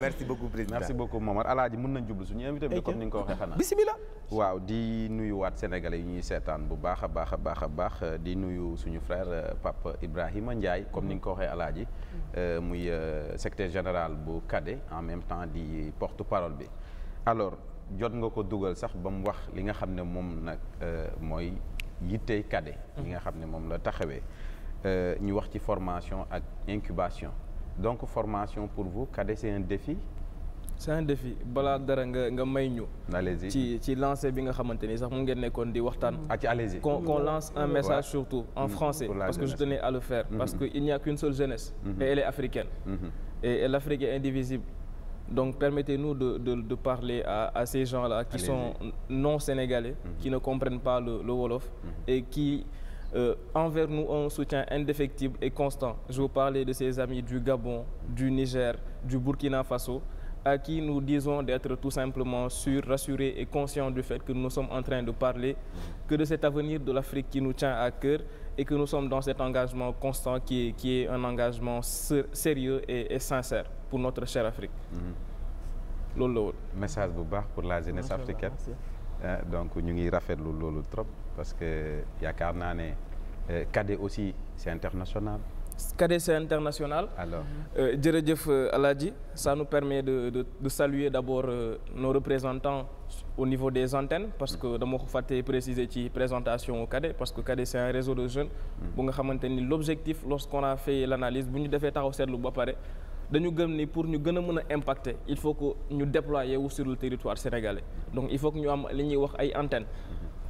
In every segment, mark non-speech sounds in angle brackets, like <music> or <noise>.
merci beaucoup président merci beaucoup Momar alaaji mën nañ jublu suñu invité bi comme ni nga ko waxee xanaa waaw di nuyuwaat sénégalais yi ñuy seetaan bu baax a baax a baax a baax di nuyu suñu frère euh, Papa Ibrahima Ndiaye comme ni nga ko waxee alaaji euh, muy euh, secrétaire général bu CADE en même temps di porte parole bi alors jot nga ko dugal sax ba mu wax li nga xam ne moom nag mooy yittey CADE li nga xam ne moom la taxawee ñu wax ci formation ak incubation donc formation pour vous cadet c'est un défi. c'est un défi balaa dara nga nga may ñu. allez-y ci ci lancé bi nga xamante ni sax mu ngeen nekkoon di waxtaan. ah ci allez-y qu'on qu'on lance un message surtout en mm-hmm. français parce que je tenais à le faire. parce mm-hmm. que il n'y a qu'une seule jeunesse. Mm-hmm. et elle est africaine. et l'Afrique est indivisible. donc permettez-nous de de de parler à à ces gens-là qui sont non sénégalais. qui ne comprennent pas le le wolof. et qui euh, envers nous ont un soutien indéfectible et constant. Je vous parlais de ses amis du Gabon, du Niger, du Burkina Faso, à qui nous disons d'être tout simplement sûrs, rassurés et conscients du fait que nous sommes en train de parler, que de cet avenir de l'Afrique qui nous tient à cœur et que nous sommes dans cet engagement constant qui est, qui est un engagement sérieux et, et sincère pour notre chère Afrique. Mm-hmm. loolu la woon. message bu baax pour la jeunesse africaine. Euh, donc ñu ngi rafetlu loolu trop parce que yaakaar naa ne. cadet euh, aussi c'est international. cadet c'est international. alors euh, jërëjëf euh, Alaaji ça nous permet de de de saluer d'abord nos représentant au niveau des antennes parce que dama ko fàtte préciser ci présentation au parce que cadet c'est un réseau de jeune bu nga xamante ni l'objectif lorsqu'on a fait l'analyse bu ñu defee taxaw seetlu ba pare. dañu gën ni pour ñu gën a mën a impacter il faut que ñu déployer wu sur le territoire sénégalais donc il faut que ñu am li ñuy wax ay antennes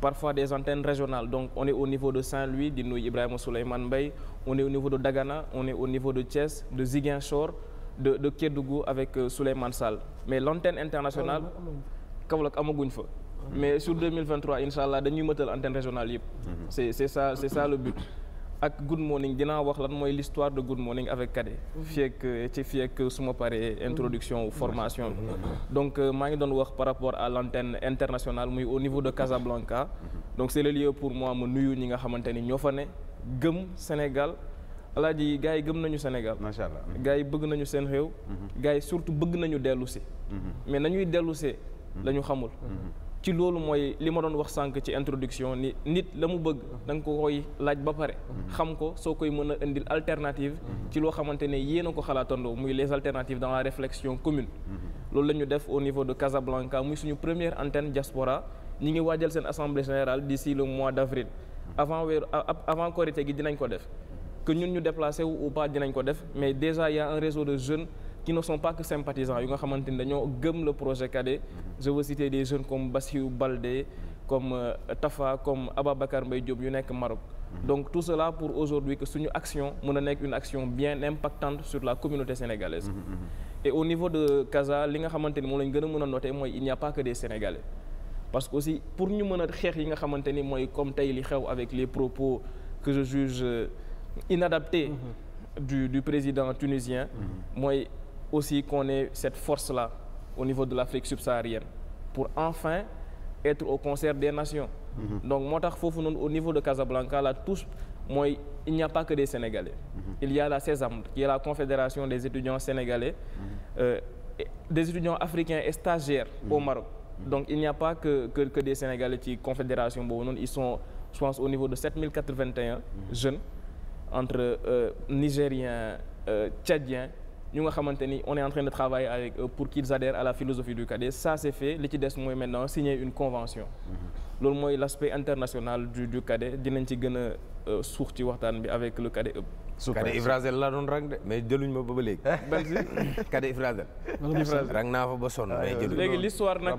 parfois des antennes régionales donc on est au niveau de Saint-Louis di nuyu Ibrahima Souleymane Mbaye on est au niveau de Dagana on est au niveau de Thiès de Ziguinchor de de Kédougou avec euh, Souleymane Sall mais l'antenne internationale Kaolack amaguñ fa mais sur 2023 incha allah dañuy mëtal antenne régionale yëpp mhm. c'est c'est ça c'est ça le but ak Good Morning dinaa wax lan mooy l'histoire de Good Morning avec Kade. Mhm. fii ak ma paree introduction mhm. formation donc euh, maa ngi doon wax par rapport à l'antenne internationale muy au niveau de Casablanca. Mhm. donc c'est le lieu pour moi ma nuyu ñi nga xamante ni ñoo fa ne gëm Sénégal. alaaji gars yi gëm nañu Sénégal. macha allah gars yi bëgg nañu seen réew. gars yi surtout bëgg nañu dellu si. mais nañuy dellu see. la ñu xamul. ci loolu mooy li ma doon wax sànq ci introduction ni nit la mu bëgg da nga ko koy laaj ba pare xam ko soo koy mën a indil alternative ci loo xamante ne yéen a ko xalaatandoo muy les alternatives dans la réflexion commune loolu la ñu def au niveau de Casablanca muy suñu première antenne diaspora ñi ngi waajal seen assemblée générale d'ici le mois d'avril avant weeru avant gi dinañ ko def que ñun ñu déplacé wu ou pas dinañ ko def mais déjà ya a un réseau de jeunes qui ne sont pas que sympathisants yu nga xamante ni dañoo gëm le projet cadet mhm. je veux citer des jeunes comme Bassirou Baldé comme euh, Tafa comme Ababacar mbay Diop yu nekk Maroc mhm. donc tout cela pour aujourd'hui que suñu action mën a nekk une action bien impactante sur la communauté sénégalaise mhm, et au niveau de Casa li nga xamante ni moom lañ gën a mën a noter mooy il n'y a pas que des Sénégalais parce que aussi pour ñu mën a xeex yi nga xamante ni mooy comme tey li xew avec les propos que je juge euh, du du président tunisien mooy aussi qu'on ait cette force la au niveau de l'Afrique subsaharienne pour enfin être au concert des nations. Mhm. donc moo tax foofu noonu au niveau de Casablanca la tous mooy il n'y a pas que des Sénégalais. Mhm. il y a la CESAM qui est la confédération des étudiants sénégalais. Mhm. Euh, des étudiants africains et stagiaires au Maroc. donc il n'y a pas que que que des Sénégalais ci confédération boobu noonu ils sont je pense au niveau de 7081 jeunes entre euh, Nigériens euh, Tchadiens. ñu nga xamante ni on est en train de travailler avec pour qu'ils adhèrent à la philosophie du CADES ça c'est fait li ci des mooy maintenant signer une convention mm-hmm. loolu mooy l'aspect international du du e. dinañ ci gën a euh, suux ci waxtaan bi avec le CADES ëpp CADES doon rang de mais jëluñ ma ba léegi <laughs> e rang naa fa ba sonn ah, léegi l'histoire nag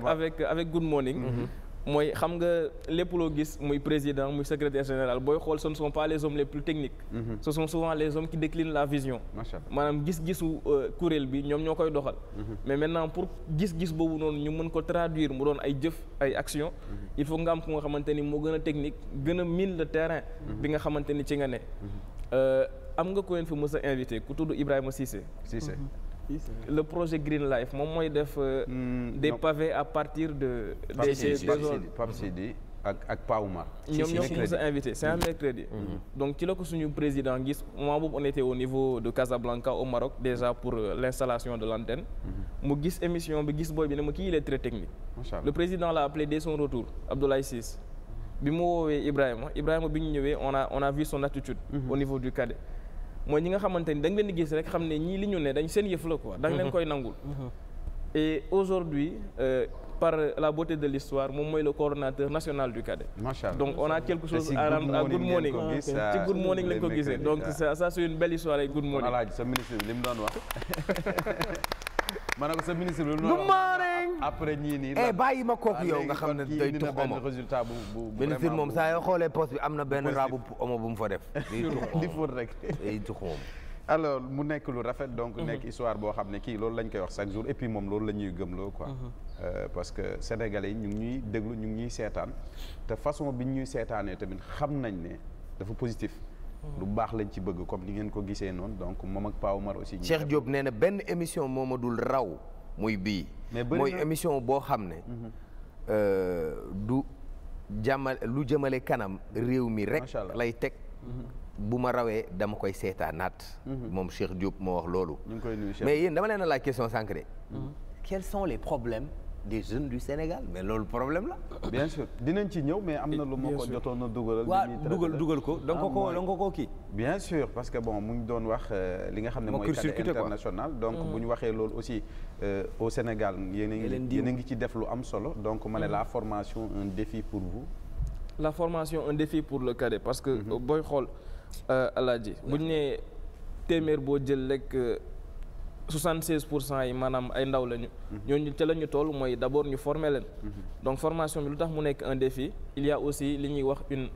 avec Good Morning mm-hmm. mooy xam nga lépp loo gis muy président muy secrétaire général booy xool son ne sont pas les hommes les plus techniques mm -hmm. ce sont souvent les hommes qui déclinent la vision maanaam gis-gisu euh, kuréel bi ñoom ñoo koy doxal mhm. mais maintenant pour gis-gis boobu noonu ñu mën ko traduire mu doon ay jëf ay action mhm. il faut nga am ku nga xamante ni moo gën a technique gën a mine de terrain mhm. bi nga xamante ni ci nga ne euh, am nga ku leen fi mës invité ku tudd Ibrahima Cissé Cissé le projet Green Life moom mooy def. Euh, hmm, des pavés à partir de. des des ak ak Pa Oumar. ñoom ñoo ko a invité c'est un hmm. mercredi. Hmm. donc ci la ko suñu président gis moment boobu on était au niveau de Casablanca au Maroc déjà pour euh, l'installation de l'antenne. mu gis émission bi gis booy bi ne ma kii il technique. le président l'a appelé dès son retour Abdoulaye Ciss bi mu woowee Ibrahima Ibrahima bi ñu ñëwee on a on a vu son attitude. au niveau du cadet. mooy ñi nga xamante ni da leen di gis rek xam ne ñii li ñu ne dañ seen yëf la quoi. da nga leen mhm. koy nangul. Mhm. et aujourd'hui euh, par la beauté de l'histoire moom mooy le coordonnateur national du CADET. macha allah donc on a quelque chose à rendre Good Morning ci Good ah, Morning lañ ko gisee donc ah. ça ça c'est belle histoire ay Good Morning. voilà sa ministre bi li mu doon wax. <laughs> ma ne ko sa ministre bi. good morning après ñii nii. la eh, bàyyi ma kooku yow nga xam ne day tux omo résultat bu bu ministre moom saa yoo xoolee poste bi am na benn raabu omo bu mu fa def. <laughs> di fóot rek day tux omo. alors mu nekk lu rafet donc mhm. nekk histoire boo xam ne kii loolu lañ koy wax chaque jour et puis moom la ñuy gëmloo quoi. Mhm. Euh, parce que sénégalais yi ñu ngi ñuy déglu ñu ngi ñuy seetaan te façon bi ñuy seetaanee tamit xam nañ ne dafa positif. lu baax lañ ci bëgg comme ni ngeen ko gisee noonu donc moom ak Pa Omar aussi. Cheikh Diop nee na benn émission moo ma dul raw muy bii. mooy émission boo xam ne. Mhm. Euh, du jàmmal lu jëmale kanam réew mi rek. lay teg. Mhm. bu ma rawee dama koy seetaanaat. Mhm. moom Cheikh Diop moo wax loolu. mais yéen dama leen a laaj question sànq de. quels sont les problèmes. des jeunes du Sénégal mais loolu problème la. bien sûr dinañ ci ñëw mais am na lu ma ko jotoon a dugalal. dugal dugal ko da nga ko da nga ko kii. bien sûr parce que bon mu ngi doon wax euh, li nga xam ne mooy. cadre international donc mu hmm. ñu waxee loolu aussi euh, au Sénégal yéen a ngi. yéen a ngi ci def lu am solo donc ma ne hmm. la formation un défi pour vous. la formation un défi pour le cadet parce que hmm. booy xool euh, Alaaji bu ne nee téeméer boo jël rek. 76 pour cent yi maanaam ay ndaw lañu. Mhm. ñooñu ca la ñu toll mooy d' abord ñu former leen. Mhm. donc formation bi lu tax mu nekk un défi il y aussi li ñuy wax une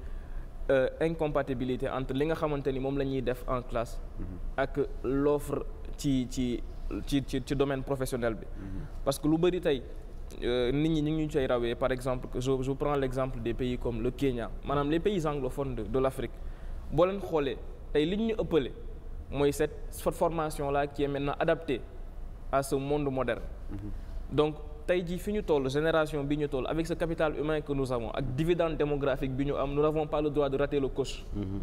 euh, incompatibilité entre li nga xamante ni moom la ñuy def en classe. Mhm. ak l' ci ci ci ci ci domaine professionnel bi. parce que lu bëri tey euh, nit ñi ñu ngi ñu cay rawee par exemple je je prends l' exemple des pays comme le Kenya maanaam les pays anglophones de de l' Afrique xoolee tey liñ ñu ëppale. mooy cette cette formation la qui est maintenant adaptée à ce monde moderne. Mm-hmm. donc tey jii fi ñu toll génération bi ñu toll avec ce capital humain que nous avons ak dividende démographique bi ñu am nous n'avons pas le droit de rater le coche. Mm-hmm.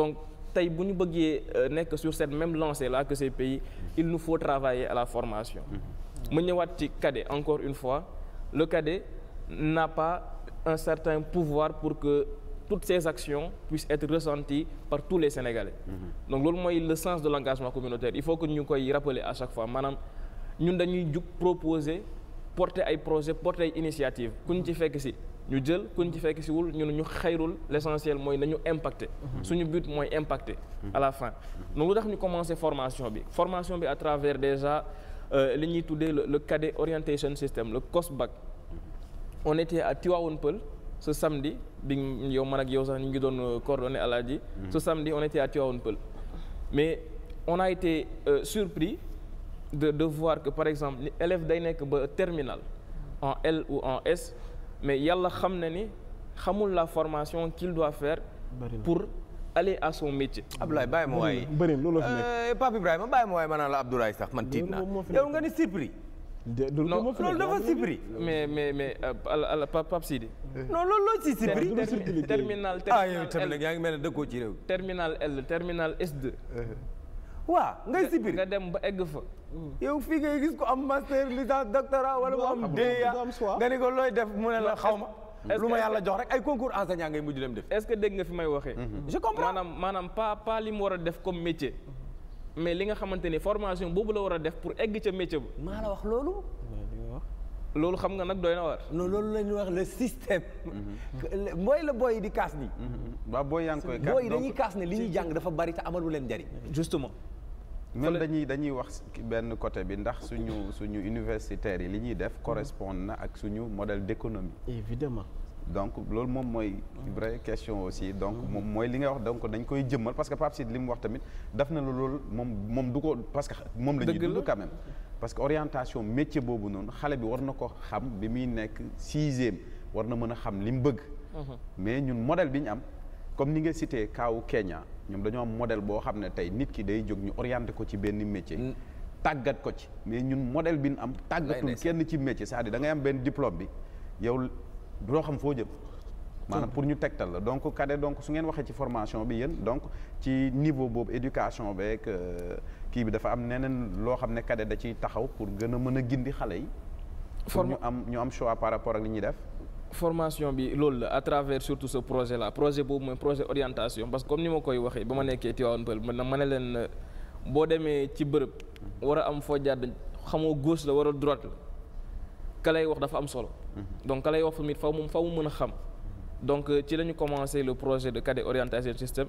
donc tey bu ñu bëggee euh, nekk sur cette même lancée la que ces pays mm-hmm. il nous faut travailler à la formation. ma ñëwaat ci cadet encore une fois le cadet n'a pas un certain pouvoir pour que. toutes ces actions puissent être ressenties par tous les Sénégalais. Mmh. donc loolu mooy le sens de l'engagement communautaire il faut que ñu koy rappeler à chaque fois maanaam ñun dañuy jug proposer porter ay projet porter ay initiative ku ci fekk si ñu jël ku ci fekk si wul ñun ñu xayrul l'essentiel mooy nañu impacter. Mhm. suñu but mooy impacter. Mhm. à la fin mhm. donc lu tax ñu commencer formation bi formation bi à travers déjà euh, li ñuy tuddee le cadet orientation system le COSBAC on était à Tivaouane Peulh ce samedi bi yow man ak yow sax ñu ngi doon euh, coordonné Alaaji ce mhm. samedi on était à Tivaouane Peulh mais on a été euh, de de que par exemple élève day nekk ba terminal en L ou en S mais yàlla xam na ni xamul la formation qu'il doit faire pour aller à son métier. Abdoulaye bàyyi ma waaye. bëri loolu la fi nekk euh, Pape Ibrahima bàyyi ma waaye ma la Abdoulaye sax man tiit naa yow nga ni surpris. non loolu dafa sibri mais mais mais euh, ala Pape Sidi. Eh. non loolu loo si sibri. terminal ah yaa ngi mel ne dëkkoo ci réew. terminal L terminal s eh. waa ngay sibiri nga dem ba egg fa. Mm. yow fii ngay gis ko am master licence doctorat wala mu am DEA e nga ni ko looy def mu ne la xaw ma. lu ma yàlla jox rek ay concours enseignant ngay mujj dem def. est-ce que dégg nga fi may waxee. Mm-hmm. je comprends maanaam maanaam pas pas li mu war a def comme métier. mais li nga xamante ni formation boobu la war a def pour egg ca métier ba. maa la wax loolu. loolu xam nga nag doy na war. non loolu la ñuy wax le système. Mhm. mooy la booy di kaas nii. Mhm. waaw booy yaa ngi koy kaas booy dañuy li ñuy jàng dafa bari te amalu leen njariñ. justement. même dañuy dañuy wax benn côté bi ndax suñu suñu universitaires yi li ñuy def mhm. correspond na ak suñu modèle d'économie. évidemment. donc loolu moom mooy vraie question aussi donc mm-hmm. moom mooy li ngay wax donc dañ koy jëmmal parce que Pape Sidi li mu wax tamit daf na la loolu moom moom du ko parce que moom la ñuy dund quand même que orientation métier boobu noonu xale bi war na ko xam bi muy nekk sixième war na mën a xam li mu bëgg mm-hmm. mais ñun modèle bi ñu am comme ni nga sitee kaawu Kenya ñoom dañoo am modèle boo xam ne tey nit ki day jóg ñu orienté ko ci benn métier mm. tàggat ko ci mais ñun modèle bi ñu am tàggatul kenn ci métier cest da ngay am benn diplôme bi yow doo xam foo jëm. maanaam pour ñu tegtal la donc CADET donc su ngeen waxee ci formation bi yéen donc ci niveau boobu éducation beeg euh, kii bi dafa am neneen loo xam ne CADET da ciy taxaw pour gën a mën a gindi xale yi. pour ñu am ñu am choix par rapport ak li ñuy def. formation bi loolu la à travers surtout ce projet là projet boobu mooy projet orientation parce que comme ni ma koy waxee ba ma nekkee Tivaouane Peulh man ma ne leen euh, boo demee ci bërëb war a am foo jàdd xamoo gos la war a droite la. ka lay wax dafa am solo. Mhm. donc ka lay wax tamit faw mu faw mu mën a xam. donc euh, ci la ñu commencé le projet de cadet orientation système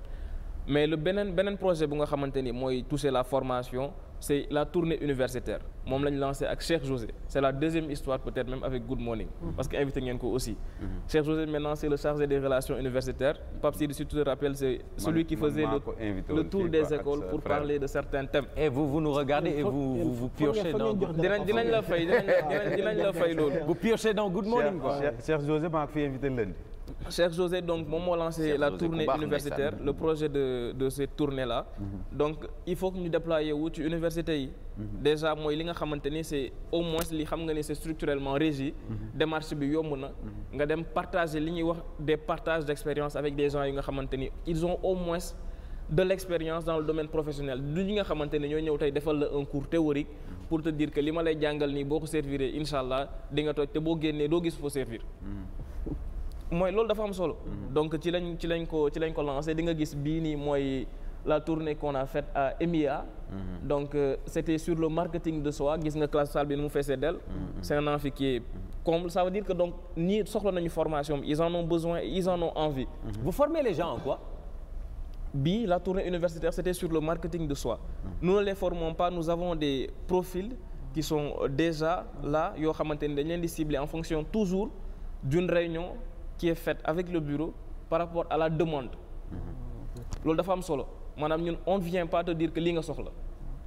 mais le beneen beneen projet bu nga xamante ni mooy toucher la formation. c'est la tournée universitaire moom lañ lancé ak Cheikh José c'est la deuxième histoire peut-être même avec Good Morning mmh. parce que invité ngeen ko aussi mmh. Cheikh José maintenant c'est le chargé des relations universitaires Pape Sidi si tu c'est celui qui faisait le tour des écoles pour parler de certains thèmes et eh, vous vous nous regardez et vous dans dinañ dinañ la fay dinañ la fay loolu vous piochez dans Good Morning quoi Cheikh José maa ko fi invité lundi Cheikh José donc moom moo lancé Cheikh la José tournée universitaire le projet de de cette tournée là. Mm-hmm. donc il faut que ñu déployer wu ci université yi. Mhm. déjà mooy li nga xamante ni c'est au moins li xam nga ni c'est structurellement régi. Mhm. démarche bi yomb na. Mhm. nga dem partager li ñuy wax des partage d'expérience avec des gens yi nga xamante ni ils ont au moins. de l'expérience dans le domaine professionnel du ñi nga xamante ne ñoo ñëw tey defal la un cours théorique pour te li ma lay jàngal nii boo ko serviree incha allah di nga te boo génnee doo gis foo servir. mooy loolu dafa am solo. Mhm. donc ci lañ ci lañ ko ci lañ ko di nga gis bii nii mooy la tournée qu'on a faite à EMEA. Mhm. donc euh, c'était sur le marketing de soi gis nga classe salle bi nu mu feesee dell. Mhm. c'est un amphi qui est comble dire que donc ñii soxla nañu formation ils en ont besoin ils en ont envie. vous formez les gens en quoi. bi la tournée universitaire c'était sur le marketing de soi. nous ne les formons pas nous avons des profils qui sont déjà là yoo xamante ni dañ leen di cibler en fonction toujours d'une réunion. qui est faite avec le bureau par rapport à la demande loolu dafa am solo maanaam ñun on vient pas te dire que li nga soxla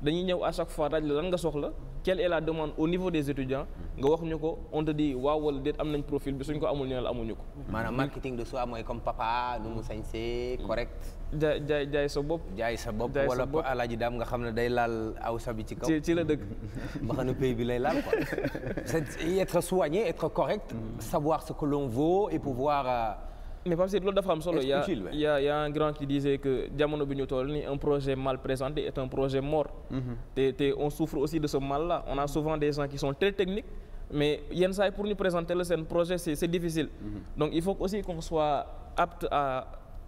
dañuy ñëw à chaque fois laaj la lan nga soxla quelle est la demande au niveau des étudiants nga wax ñu ko on te dit waaw wala am nañ profil bi suñ ko amul ñu ne la amuñu ko. maanaam marketing de soi mooy comme papa nu mu sañsee correct. jaay jaay jaay sa bopp. jaay sa bopp wala ko alaaji daam nga xam ne day laal aw sa bi ci kaw. ci ci la dëgg. <laughs> mbaxana pays bi lay laal quoi. <laughs> c'est être soigné être correct. savoir ce que l'on vaut et pouvoir. Euh, mais Pape loolu dafa am solo. ya ya y' a y' a un grand qui disait que jamono bi ñu toll nii un projet mal présenté est un projet mort. Mhm. te te on souffre aussi de ce mal là on a souvent des gens qui sont très techniques. mais yenn saa yi pour ñu présenter la seen projet c'est c'est difficile. Mhm. donc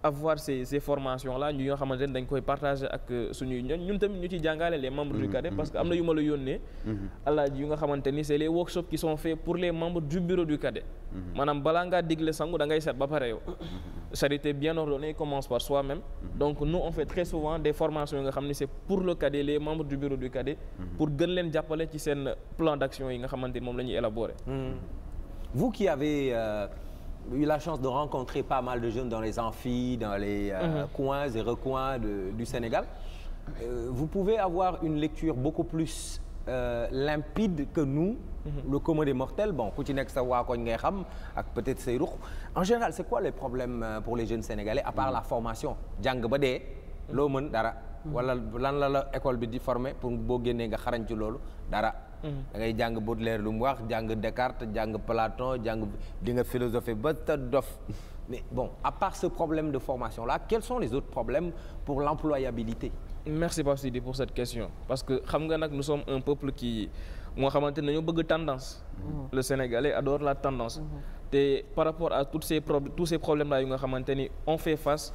avoir ces ces formations là ñu nga xamante dañ koy partager ak euh, suñuy ñun tamit ñu ci jàngale les membres du mmh, CADEP mmh. parce que am na yu ma la yónnee. Mmh. alaaji yu nga xamante ni c'est les qui sont faits pour les membres du bureau du CADEP. maanaam balaa ngaa digle sangu da set ba pare yow. charité bien ordonnée commence par soi-même. donc nous on fait très souvent des formations yi nga xam ne c'est pour le cadet les membres du bureau du cadet. pour gën leen ni moom la ñuy élaborer. eu la chance de rencontrer pas mal de jeunes dans les amphis, dans les euh, mmh. coins et recoins de, du Sénégal. Euh, vous pouvez avoir une lecture beaucoup plus euh, limpide que nous, mmh. le commun des mortels. Bon, ku ci nekk sa waa koñ ngay xam ak peut-être say ruq. En général, c'est quoi les problèmes euh, pour les jeunes Sénégalais à part mhm. la formation jàng ba dee mhm. loo mën dara. Mhm. wala lan la la école bi di former pour boo génnee nga xarañ ci loolu dara. Mm-hmm. da ngay jàng Baudelaire lu mu wax jàng Descartes jàng Platon jàng di nga philosophie ba ta dof <laughs> mais bon à part ce problème de formation la quels sont les autres problèmes pour l'employabilité merci Pape Sidi pour cette question parce que xam nga nag nous sommes un peuple qui moo xamante ne ñoo bëgg tendance mm-hmm. le Sénégalais adore la tendance mm-hmm. te par rapport à toutes ces pro tous ces problèmes là yu nga xamante ni on fait face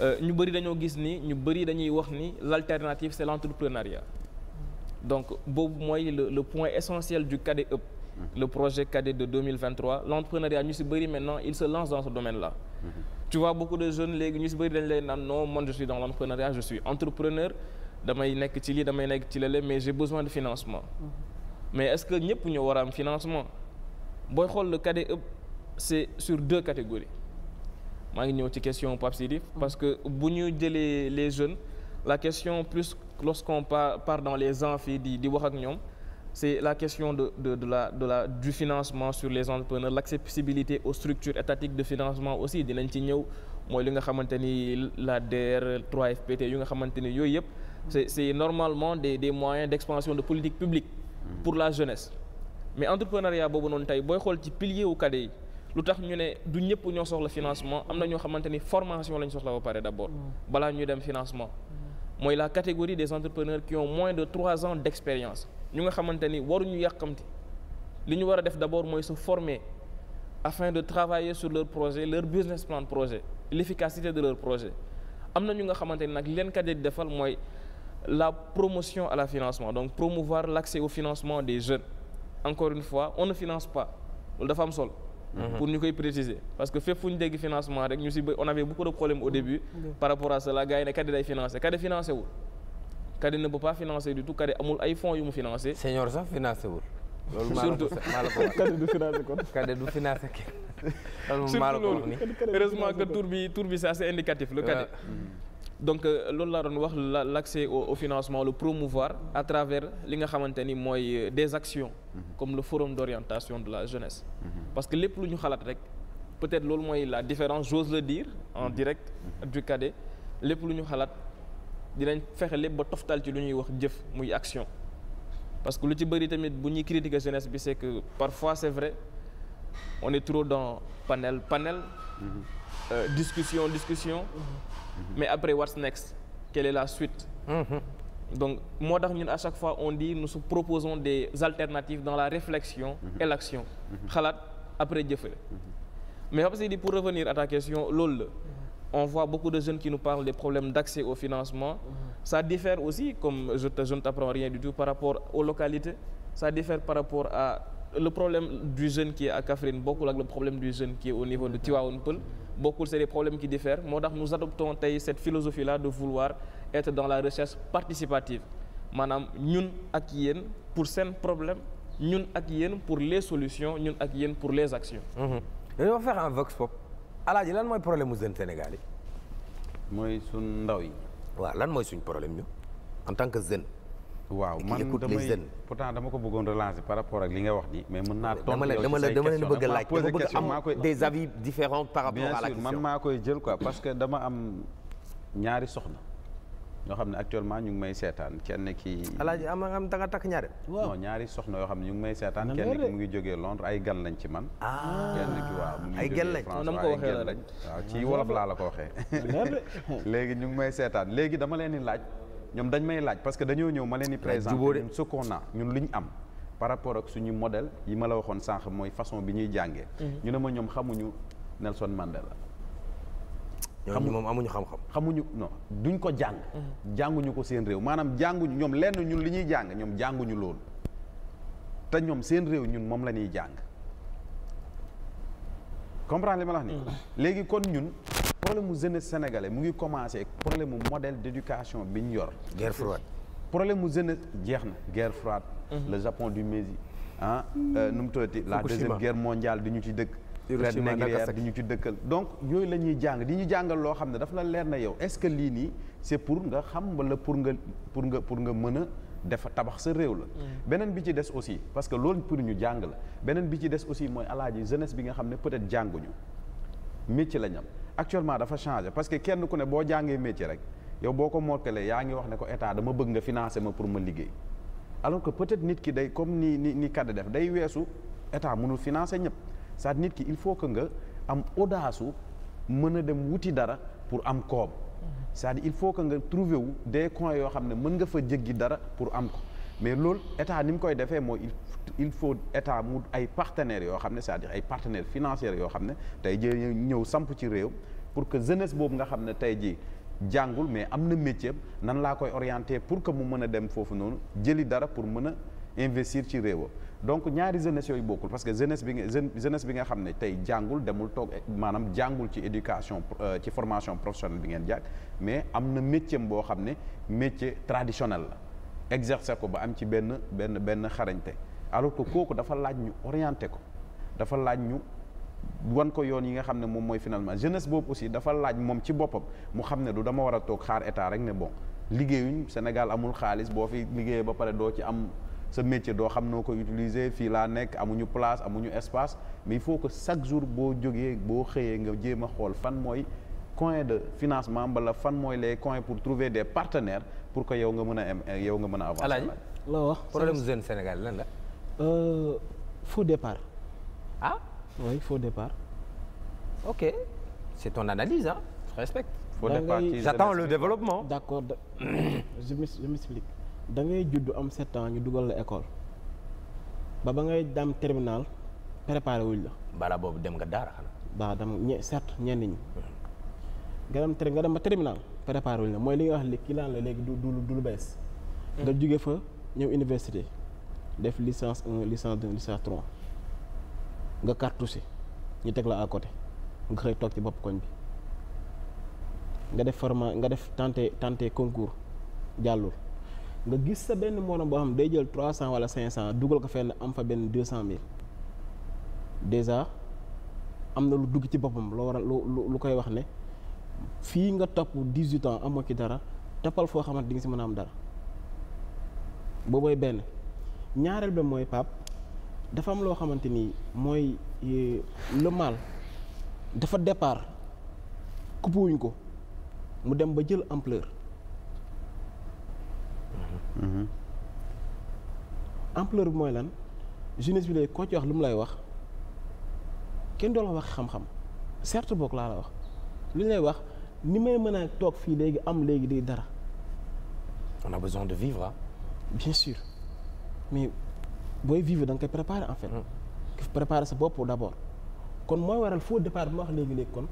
euh, ñu bëri dañoo gis ni ñu bëri dañuy wax ni l'alternative c'est l'entrepreneuriat donc boobu mooy le le point essentiel du cadet ëpp mm-hmm. le projet cadet de 2023 l'entrepreneuriat ñu si bëri maintenant il se lance dans ce domaine là mm -hmm. tu vois beaucoup de jeunes léegi ñu si bëri dañ lay naan non man je suis dans l'entrepreneuriat je suis entrepreneur damay nekk ci lii damay nekk ci lale mais j'ai besoin de financement mm-hmm. mais est-ce que ñëpp ñoo war am financement booy xool le cadet ëpp c'est sur deux catégories maa ngi ñëw ci question Pape Sidif parce que bu ñu jëlee les jeunes la question plus on part, par dans les amphis di di wax ak ñoom c'est la question de de de la de la du financement sur les entrepreneurs l'accessibilité aux structures étatiques de financement aussi dinañ ci ñëw mooy li nga xamante ni la DER 3FPT yu nga xamante ni yooyu yëpp c'est c'est normalement des des moyens d'expansion de politique publique pour la jeunesse mais entrepreneuriat boobu noonu tey booy xool ci pilier wu cadre yi lu tax ñu ne du ñëpp ñoo soxla financement am na ñoo xamante ni formation lañ soxla ba pare d'abord mm. balaa ñuy dem financement mm. mooy la catégorie des entrepreneurs qui ont moins de trois ans d'expérience ñu nga xamante ni waruñu yàqamti li ñu war a def d'abord mooy se former afin de travailler sur leur projet leur business plan de projet l'efficacité de leur projet am na ñu nga xamante ni nag li leen cadre defal mooy la promotion à la financement donc promouvoir l'accès au financement des jeunes encore une fois on ne finance pas loolu dafa am solo Mhm. pour ñu koy préciser parce que fépp fu ñu dégg financement rek ñu si ba on avait beaucoup de problèmes au début mm. par rapport à cela gars yi ne Kadi day financé Kadi financé wul Kadi ne financer du tout Kadi amul ay fonds yu mu financé senior sax financé wul loolu surtout <laughs> Kadi du financé kon Kadi du financé kenn <laughs> surtout loolu heureusement que tour bi tour bi c'est assez mm. donc euh, loolu laa doon wax l'accès au financement le promouvoir à travers li nga xamante ni mooy euh, des actions comme le forum d'orientation de la jeunesse. Mhm. parce que lépp lu ñu xalaat rek peut-être loolu mooy la différence j'ose le dire en mhm. direct mhm. du cadet lépp lu ñu xalaat dinañ fexe lépp ba toftal ci lu ñuy wax jëf muy action. parce que lu ci bëri tamit bu ñuy critiquer jeunesse bi c'est que parfois c'est vrai on est trop dans panel panel. Euh, discussion discussion. mais après what's next quelle la suite. donc moo tax ñun à chaque fois on dit nous proposons des alternatives dans la réflexion et l'action xalaat après jëfale mais parce que pour revenir à ta question loolu la on voit beaucoup de jeunes qui nous parlent des problèmes d'accès au financement ça diffère aussi comme je je ne t'apprends rien du tout par rapport aux localités ça diffère par rapport à le problème du jeune qui est à Kaffrine bokkul ak le problème du jeune qui est au niveau de être dans la recherche participative maanaam ñun ak yéen pour seen problème ñun ak yéen pour les solutions ñun ak yéen pour les actions. Mhm. dañoo faire un vox pop alaaji lan mooy problème mu jeunes Sénégal yi. mooy suñ ndaw yi. waaw lan mooy suñ problème ñu en tant que jeune. waaw man damay pourtant dama ko bëggoon relancer par rapport ak li nga wax ni mais mën naa ah, tontu yow dama la dama leen bëgg a laaj dama bëgg am des avis différents par rapport à la question. bien sûr man maa koy jël quoi parce que dama am ñaari soxna. ñoo xam ne actuellement ñu ngi may seetaan kenn ki alaaji am nga xam da nga takk ñaari non ñaari soxna yoo xam ne ñu ngi may seetaan kenn ki mu ngi jógee Londres ay gan lañ ci man ah. kenn waaw mu ngi jógee France ay gan lañ <laughs> waaw ci wolof laa la ko waxee <laughs> léegi ñu ngi may seetaan léegi dama leen di laaj ñoom dañ may laaj parce que dañoo ñëw ma leen di présenter ñun ce qu'on ñun lu am par rapport ak suñu modèle yi ma la waxoon sànq mooy façon bi ñuy jàngee mm-hmm. ñu ne ma ñoom xamuñu Nelson Mandela ñooñu moom amuñu xam xamuñu non duñ ko jàng jànguñu ko seen réew maanaam jànguñu ñoom lenn ñun li ñuy jàng ñoom jànguñu loolu te ñoom seen réew ñun moom lañuy ñuy jàng comprendre li ma la wax ni mm-hmm. léegi kon ñun problème mu jeunesse sénégalais mu ngi commencé problème mu modèle d'éducation bi ñu yor guerre froide problème mu jeunesse jeex na guerre froide mm-hmm. le Japon du Meiji ah mm-hmm. euh, nu mu tuddati la deuxième guerre mondiale di ñu ci dëkk effectivement naka ñu ci dëkkal donc yooyu la ñuy jàng di ñu jàngal loo xam ne daf la leer na yow est-ce que lii nii c'est pour nga xam wala pour nga pour nga pour nga mën a def tabax sa réew la. Mm. beneen bi ci des aussi parce que loolu pour ñu jàng la beneen bi ci des aussi mooy alaaji jeunesse bi nga xam ne peut-être jànguñu métier la ñam actuellement dafa changé parce que kenn ku ne boo jàngee métier rek yow boo ko mottalee yaa ngi wax ne ko état dama bëgg nga financer ma pour ma liggéey alors que peut-être nit ki day comme ni ni ni kaddu def day weesu état mënul financer ñëpp. saa nit ki il faut que nga am audace mën a dem wuti dara pour am koom cest à il faut que nga trouver wu des coins yoo xam ne mën nga fa jéggi dara pour am ko mais loolu état ni mu koy defee moo il faut état mu ay partenaires yoo xam ne cest à ay partenaires financiers yoo xam ne tey jii ñëw samp ci réew pour que jeunesse boobu nga xam ne tey jii jàngul mais am na métier nan laa koy orienter pour que mu mën a dem foofu noonu jëli dara pour mën a investir ci réewam donc ñaari jeunesse yooyu bokkul parce que jeunesse bi nga jeunesse bi xam ne tey jàngul demul toog maanaam jàngul ci éducation euh, ci formation professionnelle bi ngeen jàng mais am na métier boo xam ne métier traditionnel la exercer ko ba am ci benn benn benn xarañte alors que kooku dafa laaj ñu orienté ko dafa laaj ñu wan ko yoon yi nga xam ne moom mooy finalement jeunesse boobu aussi dafa laaj moom ci boppam mu xam ne du dama war a toog xaar état rek ne bon liggéeyuñ Sénégal amul xaalis boo fi liggéeyee ba pare doo ci am sa métier doo xam noo ko utiliser fii laa nekk amuñu place amuñu espace mais il faut que chaque jour boo jógee boo xëyee nga jéem a xool fan mooy coin de financement bala fan mooy les coins pour trouver des partenaires pour que yow nga mën a am yow nga mën a avancer. Alaaji loo wax problème jeune Sénégal lan la. Euh, faux départ. ah oui faux départ. ok c'est ton analyse ah je respecte. faux départ j'attends le développement. d'accord <coughs> je m'explique. da ngay judd am sept ñu dugal la école ba ba ngay dem terminal préparé wuñ la. balaa boobu dem nga daara xanaa. waaw dem ñenn ñi. nga dem nga dem ba terminal préparé wuñ la mooy li nga wax li kii laan la léegi du du du lu bees. Mm. nga jóge fa ñëw université def licence un licence deux licence trois nga cartouché ñu teg la à côté nga xëy toog ci bopp koñ bi nga def format nga def tenté tenté concours jàllul. nga gis sa benn morom boo xam day jël trois cent wala cinq cent dugal ko fenn am fa benn deux cent mille déjà am na lu dugg ci boppam loo waral a lu lu koy wax ne fii nga topp dix huit ans amoo ci dara toppal foo xamante di nga si mën a am dara boo benn ñaareel ba mooy pap dafa am loo xamante ni mooy euh, le mal dafa départ coupé ko mu dem ba jël ampleur. Mm-hmm. ampleur bi mooy lan jeunesse bi léegi koo ci wax lu mu lay wax kenn doo la wax xam-xam certes boog laa la wax lu ñu lay wax ni may mën a toog fii léegi am léegi di dara. on a besoin de vivre ah. bien sûr mais booy vivre da koy préparer en fait. Mm-hmm. préparer sa bopp d'abord kon mooy waral foo départ bi ma wax léegi léegi kon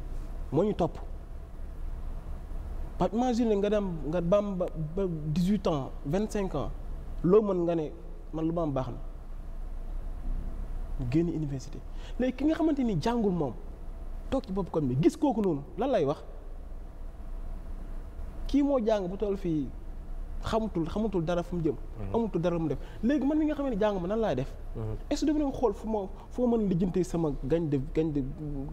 moo ñu topp. parce que imagine nga dem nga baam ba ba dix huit ans vingt cinq ans loo mën nga ne man lu baam baax na génn université léegi ki nga xamante ni jàngul moom toog ci bopp kon bi gis kooku noonu lan lay wax kii moo jàng bu toll fii xamutul xamutul dara fu mu jëm. Mhm. amutul dara mu def léegi man mi nga xam ne jàng ma nan laay def. Mhm. est ce que xool fu ma fu ma mën lijjante sama gañ de gañ de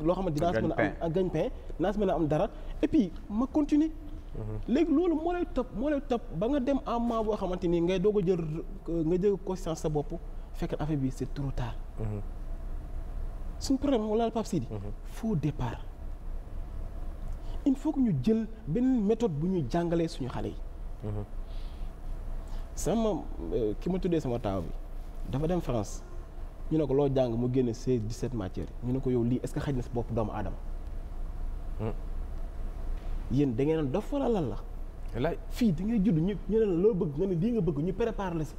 loo xamante ni. dinaa si mën a am gañ pain dinaa si mën a am dara et ma continuer. léegi loolu moo lay topp moo lay topp ba nga dem en moment boo xamante ni ngay doog a jël nga jël conscience sa bopp fekk affaire bi c'est trop tard. Mhm. suñ problème wala Pape Sidi. Mhm. faux départ. il faut ñu jël benn méthode bu ñuy jàngalee suñu xale yi. Mhm. sama euh, ki ma tuddee sama taaw bi dafa dem France ñu ne ko loo jàng mu génne seize dix sept matières ñu ne ko yow lii est-ce que xaj na si bopp doomu aadama. yéen da ngeen dof wala lan la. wallaay fii da ngay judd ñu ñu ne loo bëgg nga ne lii nga bëgg ñu préparé la si.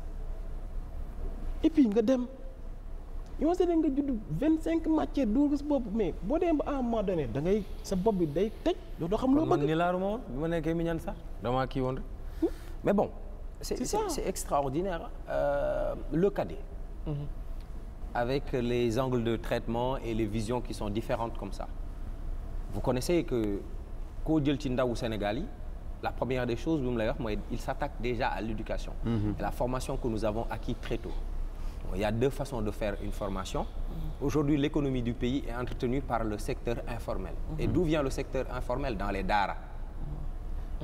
et puis nga dem yow sëñ nga judd vingt cinq matières dugg si bopp mais boo demee ba à un moment donné da ngay sa bopp bi day tëj. doo xam loo bëgg kon man nii laa sax damaa kii woon hmm? mais boo c'est c'est, c'est, c'est extraordinaire euh, le cadet. Mm avec les angles de traitement et les visions qui sont différentes comme ça vous connaissez que. koo jël ci ndawu la première des choses bi mu lay wax mooy il s'attaque déjà à l'éducation mhm. et la formation que nous avons acquis très tôt il y a deux façons de faire une formation mhm. aujourd'hui l'économie du pays est entretenue par le secteur informel mhm. et d'où vient le secteur informel dans les daara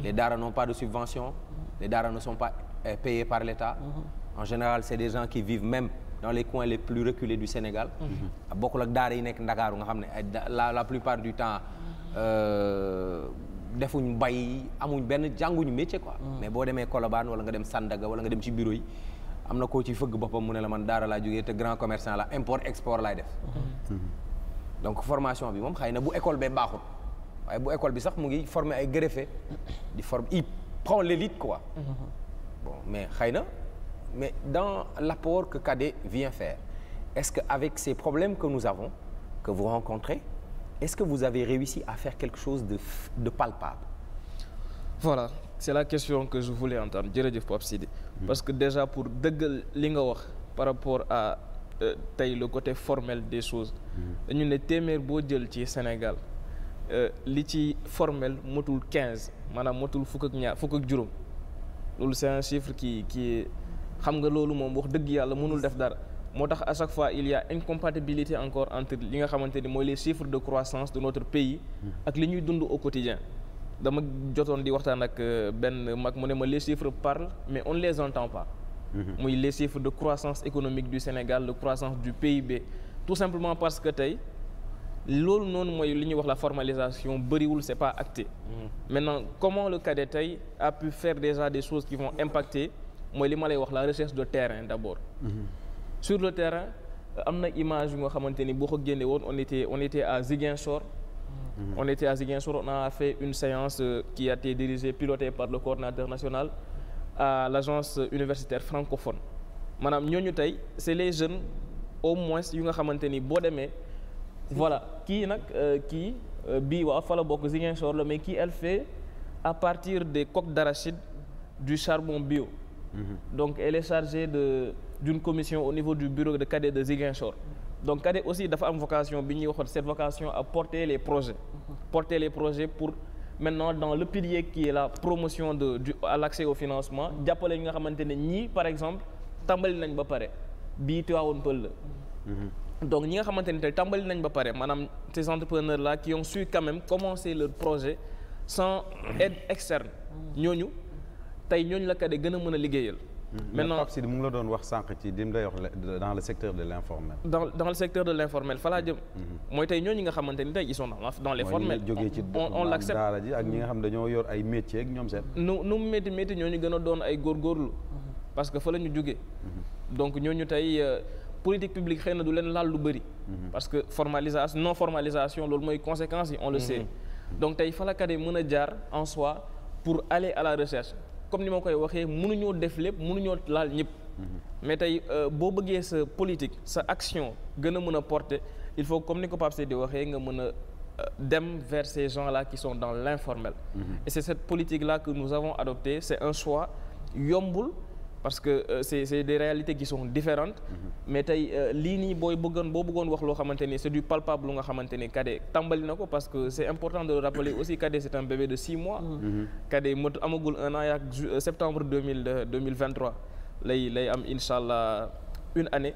les daara n'ont pas de subvention les daara ne sont pas euh, payés par l'État en général c'est des gens qui vivent même dans les coins les plus reculés du Sénégal bokkul ak Euh, defuñ bay amuñ benn jànguñu métier quoi. Mm. mais boo demee Colobane wala nga dem Sandaga wala nga dem ci bureau yi am na koo ci fëgg boppam mu ne la man daara laa jógee te grand commerçant la import export laay def. Mm-hmm. Mm-hmm. donc formation bi moom xëy na bu école bee baaxul waaye bu école bi sax mu ngi forme ay greffier di former il prend l'élite quoi. Mm-hmm. mais xëy na mais dans l'apport que Cadet vient faire est-ce que avec ces problèmes que nous avons que vous rencontrez. est-ce que vous avez réussi à faire quelque chose de de palpable. voilà c'est la question que je voulais entendre jërëjëf Pape Sidi. Mm-hmm. parce que déjà pour dëggal li nga wax par rapport à euh, tey le côté formel des choses. dañu mm-hmm. ne téeméer boo jël ci Sénégal euh, li ci formel motul quinze maanaam motul fukk ak ñaar fukk ak juróom loolu c'est chiffre qui qui xam nga loolu moom wax dëgg yàlla mënul def dara. moo tax à chaque fois il y a incompatibilité encore entre li nga xamante ni mooy les chiffres de croissance de notre pays ak li ñuy dund au quotidien dama jotoon di waxtaan ak euh, benn mag mu ne ma les chiffres parlent mais on les entend pas mhm. muy les chiffres de croissance économique du Sénégal de croissance du PIB tout simplement parce que tey loolu noonu mooy li ñuy wax la formalisation bëriwul c'est pas acté mhm. maintenant comment le cadet tey a pu faire déjà des choses qui vont impacter li ma lay wax la recherche de terrain d'abord mhm. sur le terrain euh, am na image yu nga xamante ni boo ko génne woon on était on était à Ziguinchor. Mm-hmm. on était à Ziguinchor on a fait une séance euh, qui a été dirigée pilotée par le coordinateur national à l'agence universitaire francophone maanaam ñooñu tey c'est les jeunes au moins yu nga xamante ni boo demee voilà kii nag euh, kii bii waaw fa la bokk Ziguinchor la mais kii elle fait à partir des coques d'arachide du charbon bio mm-hmm. donc elle est chargée de d'une commission au niveau du bureau de cadet de Ziguinchor donc cadet aussi dafa am vocation bi ñuy waxoon cette vocation à porter les projets porter les projets pour maintenant dans le pilier qui la promotion de du à l'accès au financement jàppale ñi nga xamante ne ñii par exemple tàmbali nañ ba pare bii Tivaouane Peulh la mm-hmm. donc ñi nga xamante ne tey tàmbali nañ ba pare maanaam ces entrepreneurs la qui ont su quand même commencer leur projet sans aide mm-hmm. ñooñu tey ñooñu la cadet gën a mën a liggéeyal maintenant Pape mu la doon wax sànq ci dim lay wax dans le secteur de l' informel. dans dans le secteur de l' informel fa laa jëm. Mm-hmm. mooy tey ñooñu nga xamante ni tey ils sont dans dans les formels. on on l' accepte daara ji ak ñi yor ay métiers ak ñoom seen. nu nu mu métti métti ñooñu gën a doon ay góorgóorlu. Mm-hmm. parce que fa la ñu jógee. Mm-hmm. donc ñooñu tey euh, politique publique xëy na du leen laal lu bëri. parce que formalisation non formalisation loolu mooy conséquence yi on le sait. donc tey fa la kat yi mën a jaar en soi pour aller à la recherche. comme ni ma koy waxee mënuñoo def lépp munuñoo laal ñëpp. Mhm. mais tey euh, boo bëggee sa politique sa action gën a mën a porte il faut comme ni ko Pape Seydi di waxee nga mën a euh, dem vers ces gens-là qui sont dans l'informel. Mhm. et c'est cette politique-là que nous avons adoptée c'est un choix yombul. parce que euh, c'est c'est des réalités qui sont différentes mm-hmm. mais tey euh, lii nii booy bëggoon boo bëggoon wax loo xamante ni c'est du palpable lu nga xamante ni Kade tàmbali na ko parce que c'est important de le rappeler aussi Kade c'est un bébé de six mois mm-hmm. Kade mot amagul un an yaak euh, septembre mille deux mille euh, vingt trois lay am incha allah une année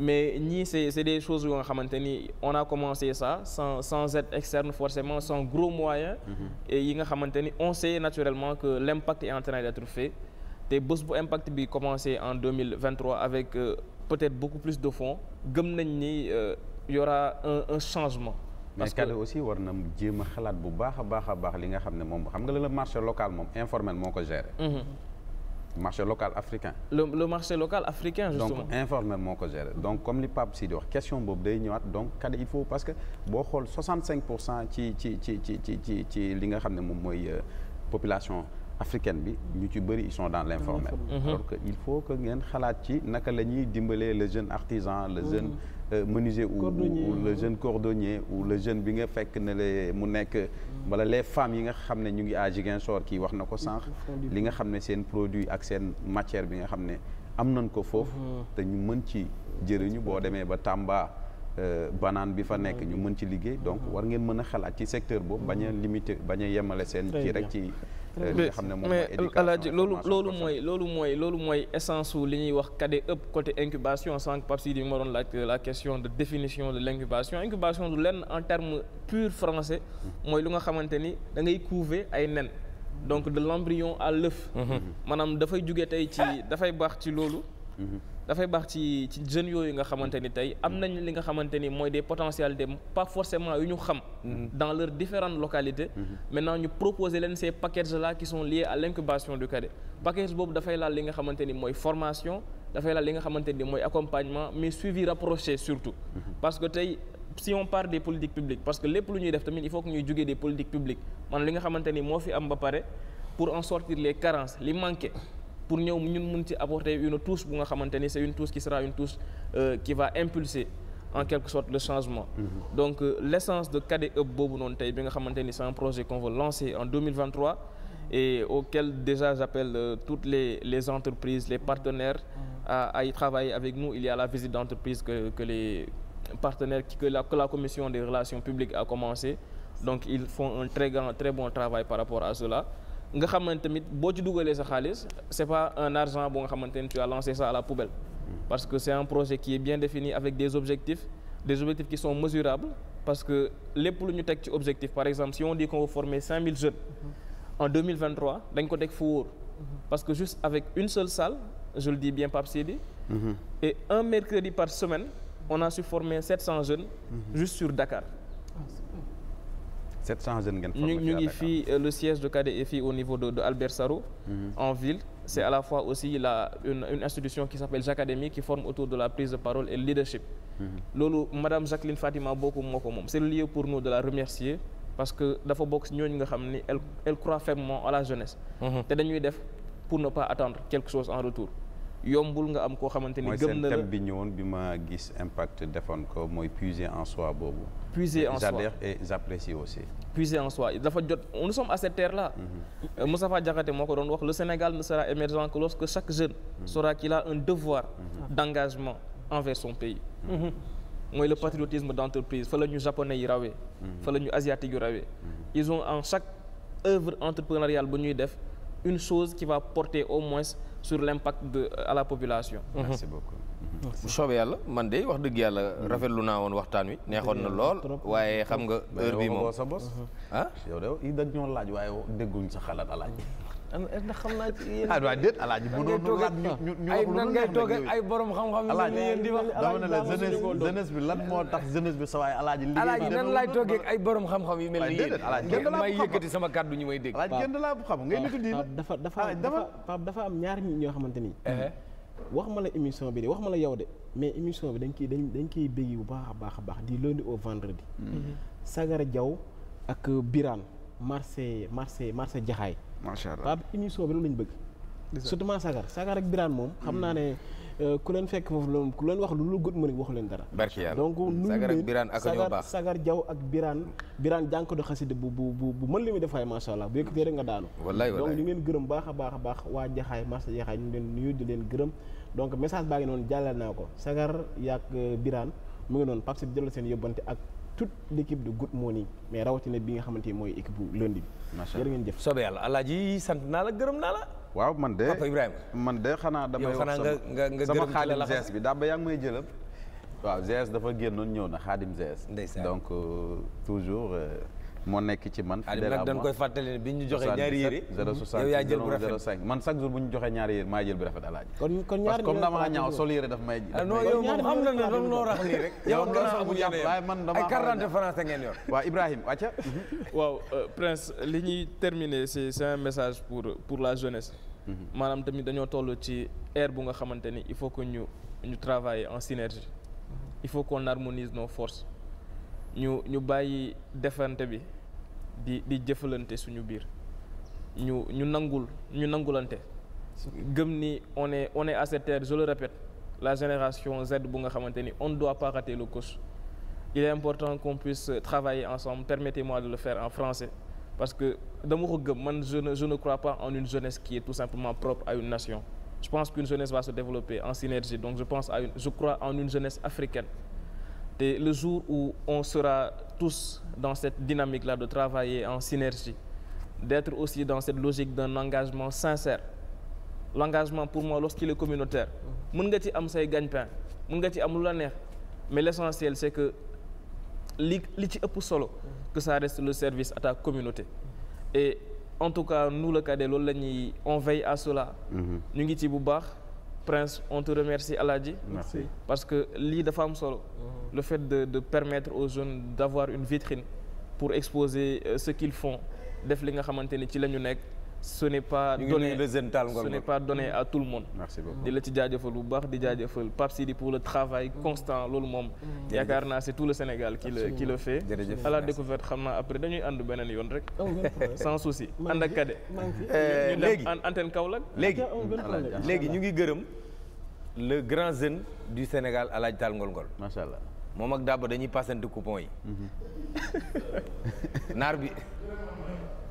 mais ñii c'est c'est des choses yoo nga xamante ni on a commencé ça sans sans aide externe forcément sans gros moyens mm-hmm. et yi nga xamante ni on sait naturellement que l'impact est te bés bu impact bi commencé en 2023 avec euh, peut-être beaucoup plus de fonds gëm nañ ni euh, y aura un un changement. parce que mais aussi war na jéem a xalaat bu baax a baax a baax li nga xam ne moom xam nga la marché local moom informel moo ko gérer. Mhm. marché local africain. le le marché local africain. justement donc informel moo ko gérer donc comme li Pape Sidi wax question boobu day ñëwaat donc kada il faut parce que boo xool 65 pour cent ci ci ci ci ci ci li nga xam ne moom mooy euh, population. africaine bi ñu ci bëri ils sont dans l' informel alors que il faut que ngeen xalaat ci naka la ñuy dimbalee le jeune artisan le mm-hmm. jeune euh, menuisier ou le jeune cordonnier ou le jeune bi nga fekk ne le mu nekk mm-hmm. wala les femmes yi nga xam ne ñu ngi à Ziguinchor kii wax na ko sànq li nga xam ne seen produit ak seen matière bi nga xam ne am nañ ko foofu mm-hmm. te ñu mën ci jëriñu boo demee ba Tamba euh, banaan bi fa nekk ñu mën ci liggéey donc war ngeen mën a xalaat ci secteur boobu bañ a limité bañ a yemale seen ci rek ci mais mais Alaaji loolu loolu mooy loolu mooy loolu li ñuy wax kade ëpp côté incubation sànq Pape Sidi moo doon la question de définition de l' incubation incubation du lenn en terme pur français mm-hmm. mooy lu nga xamante ni da ngay couver ay nen donc de l' embryon à l'œuf mm-hmm. maanaam dafay jóge tey ci dafay baax ci loolu mm-hmm. dafay baax ci ci jeunes yooyu nga xamante ni tey am nañ li nga xamante ni mooy des potentialités pas forcément yu ñu xam mhm. dans leurs différentes localités mhm. maintenant ñu proposer leen ces packages là qui sont liés à l'incubation du cadet package boobu dafay laal li nga xamante ni mooy formation dafay laal li nga xamante ni mooy accompagnement mais suivi rapproché surtout mhm. parce que tey si on part des politiques publiques parce que lépp lu ñuy def tamit il faut que ñuy jógee des politiques publiques maanaam li nga ni moo fi ba pare pour en sortir les carences li manqué pour ñëw ñun mun ci apporter une touche bu nga xamante ni c'est une touche qui sera une touche euh, qui va impulser en quelque sorte le changement. Mm-hmm. donc euh, l'essence de Cadet Hub boobu noonu tey bi nga xamante ni c'est un projet qu'on veut lancer en 2023 et auquel déjà j'appelle euh, toutes les les entreprises les partenaires à à y travailler avec nous il y a la visite d'entreprise que que les partenaires que la que la commission des relations publiques a commencé donc ils font un très par rapport à nga xamante boo ci dugalee sa xaalis c'est pas un argent bu nga xamante ne tu as lancé ça la poubelle parce que c'est un projet qui est bien défini avec des objectifs des objectifs qui sont mesurables parce que lépp lu ñu teg ci objectif par exemple si on dit qu'on va former 5000 jeunes mm-hmm. en 2023 dañ ko teg fu wóor mm-hmm. parce que juste avec une seule salle je di dis bien Pape Sidi mm-hmm. et un mercredi par semaine on a su former 700 jeunes juste sur Dakar 700 jeunes ngeen formé ñu ngi fii euh, le siège de CADE est fii au niveau de, Albert Sarraut mhm. en ville c'est à la fois aussi la une, institution qui s'appelle Jacadémie qui forme autour de la prise de parole et leadership mhm. loolu madame Jacqueline Fatima Bokoum ko moom c'est le lieu pour nous de la remercier parce que dafa bokk ñooñu nga xam ni elle croit fermement à la jeunesse mhm. te dañuy def pour ne pas attendre quelque chose en retour yombul nga am koo xamante ni gëm na la bi ñëwoon puiser en soi j'adhère et j'apprécie aussi. puiser en soi dafa jot nous sommes à cette terre là. Mm-hmm. Euh, Moustapha Diakhaté moo ko doon wax le Sénégal ne sera émergent que lorsque chaque jeune. Mm-hmm. saura qu'il a un devoir. Mm-hmm. d'engagement envers son pays. mooy le patriotisme d'entreprise fa la japonais yi rawee. fa la asiatique yu rawee. ils ont en chaque œuvre entrepreneuriale bu ñuy def une chose qui va porter au moins sur l'impact de euh, à la population. bu soobee yàlla man de wax dëgg yàlla hmm. rafet lu naa woon waxtaan wi neexoon na lool waaye xam nga hmm. heure bi moom sa bos hmm. ah yow i dañ ñoo laaj waaye dégguñ sa xalaat alaaj ndax xam naa ci yéen. Ah, bu doon laaj ñu ñu wax nan ngay toog ay borom xam-xam yu mel ni yéen di wax. dama ne bi lan moo tax jeunesse bi sa waay El Hadj. liggéey nan ay borom xam-xam yu mel ni yéen. sama kàddu ñu may dégg. waaw waaw Pape dafa dafa dafa am ñaar ñi ñoo xamante ni. Eh? wax ma la émission bi de wax ma la yow de mais émission bi dañ koy dañ dañ koy bëgg bu baax a baax a baax di lundi au vendredi. Mm-hmm. Sagara Diaw ak Birane marché marché marché Jaxaay. macha émission bi loolu lañ bëgg. surtout maa sagar sagar ak biraan moom xam naa ne euh, ku leen fekk foofu loolu ku leen wax lu lu gët mën waxu leen dara donc nuñu sagar jaw ak biraan biraan jànko do xasida bu bu bu bu bu yëkkatee rek nga daanu donc ñu ngi leen gërëm baax a baax a baax waa jaxaay macha jaxaay ñu ngi leen di leen gërëm donc message baa ngi noonu jàllal naa ko sagar yaak euh, biraan mu ngi noonu Pape Sib jëlal seen yóbbante ak toute l'équipe de Good Morning mais rawatina bi nga xamante ni mooy équipe bu lundi bi jërë ngeen jëf soobee yàlla alaaji sant naa la gërëm naa la waaw man de man de xanaa damay wax sama sama xaadim GS bi daba yaa ngi may jëlal waaw GS dafa génnoon ñëw na xaadim GS donc euh, toujours euh, moo nekk ci man. fidèle à dañ koy fàttali bi ñu joxe ñaari yére. 067 yow yaa jël bu rafet man chaque jour bu ñu joxe ñaari yére maa jël bu rafet alaaji. kon kon ñaari comme damaa yére daf may. Ah, non yow rek. yow gannaaw bu man damaa ay quarante yor. <laughs> waaw Ibrahima wàcca. waaw euh, Prince li ñuy terminer c'est c'est message pour pour la jeunesse. Mhm. maanaam tamit dañoo toll ci ère bu nga xamante ni il faut que ñu ñu travailler en synergie. il faut qu'on harmonise nos forces. ñu ñu bàyyi defante bi di di jëfalante suñu biir ñu ñu nangul ñu nangulante gëm ni on est on est à cette terre je le répète la génération Z bu nga xamante ni on ne doit pas rater le coche il est important qu'on puisse travailler ensemble permettez-moi de le faire en français parce que dama ko gëm man je ne crois pas en une jeunesse qui est tout simplement propre à une nation je pense qu'une jeunesse va se développer en synergie donc je pense à une jeunesse africaine te le jour où on sera tous dans cette dynamique là de travailler en synergie d'être aussi dans cette logique d'un engagement sincère l'engagement pour moi lorsqu'il est communautaire mën nga ci am say gagne-pain mën nga ci am lu la neex mais l'essentiel c'est que li li ci ëpp solo que ça reste le service à ta communauté et en tout cas nous le CADES loolu la ñuy on à cela mm-hmm. ñu ngi ci bu baax Prince on te remercie Aladji. merci parce que lii dafa am solo. Mhm. le fait de de permettre aux jeunes d'avoir une vitrine pour exposer euh, ce qu'ils font def li nga xamante ni ci la ñu nekk. ce n'est pas donné ce n'est pas donné à tout le monde di la ci jaajafal bu baax di jaajëfal Pape Sidi pour le travail mm-hmm. constant loolu moom mm-hmm. yaakaar naa c'est tout le Sénégal qui le qui le fait à la découverte xam naa après dañuy ànd beneen yoon rek oh, <laughs> sans souci ànd ak kade euh, ñu dem antenne Kaolack léegi léegi ñu ngi gërëm le grand jeune du Sénégal Alaaji Taal Ngol Ngol macha allah moom ak Daba dañuy passante coupon yi mm-hmm. <laughs> naar bi